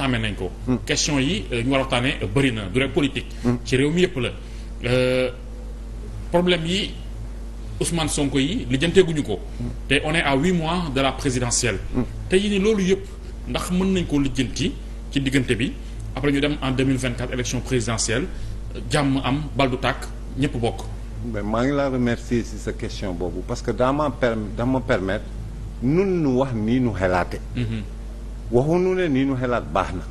tàmme nañ ko. question yi euh, ñu war a waxtaanee euh, bëri na du rek politique. ci réew mi yëpp la euh, problème yi Ousmane Sonko yi lijjanteeguñu ko. te on est à huit mois de la présidentielle. te yi ni loolu yëpp ndax mën nañ koo lijjanti ci diggante bi après ñu dem en deux mille vingt quatre élection présidentielle jàmm am bal du tàkk ñëpp bokk. maa ngi laa remercier si sa question boobu parce que daa ma permettre daa permettre nun nu wax nii nu xelaate mhm. waxuñu ne nii nu xelaat baax na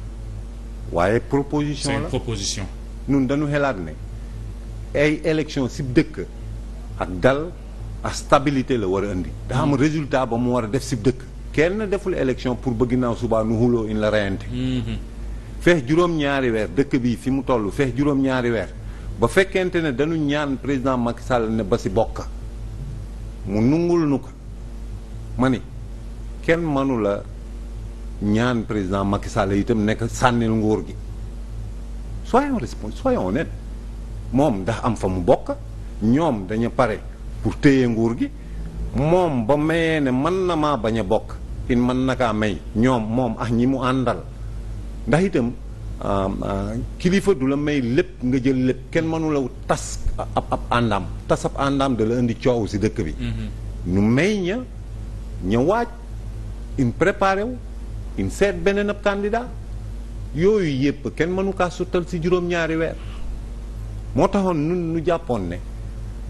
waaye proposition la proposition ñun dañu xelaat ne ay élection si dëkk ak dal ak stabilité la war a indi daa am hmm. résultat ba mu war a def sib dëkk kenn deful élection pour ba ginnaaw subaa nu xuloo in la reyante hmm. feex juróom-ñaari weer dëkk bii fi mu toll feex juróom-ñaari weer ba fekkente ne dañu ñaan président Macky Sall ne ba si bokk mu nungul nu ko ma ni kenn mënu la ñaan président Macky Sall itam nekk sànnil nguur gi soyons responsables soyons honnêtes moom ndax am fa mu bokk ñoom dañu pare pour téye nguur gi moom ba mayee ne mën na maa bañ a bokk it mën na may ñoom moom ax ñi mu àndal ndax itam kilifa du la may lépp nga jël lépp kenn mënu tas ab ab àndaam tas ab àndaam da la indi coow si dëkk bi. Mm-hmm. nu may ña ña waaj une préparé wu. il seet beneen ab candidat yooyu yëpp kenn mënu kaa suttal si juróom-ñaari weer moo taxoon nun nu jàppoon ne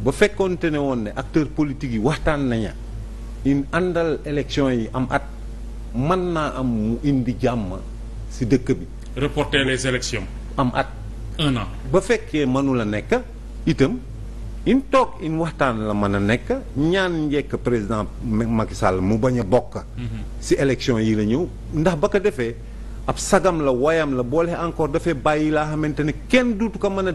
ba fekkoonte ne woon ne acteur politique yi waxtaan naña in àndal élection yi am at mën naa am mu indi jàmm si dëkk bi. reporter les élections. am at. un ba fekkee mënula nekk itam. in toog in waxtaan la mën a nekk ñaan njekk président Macky Sall mu bañ a bokk. si élection yi la ñëw ndax ba ko defee ab sagam la wayam la boole encore dafay bàyyi laa xamante ne kenn duutu ko mën a.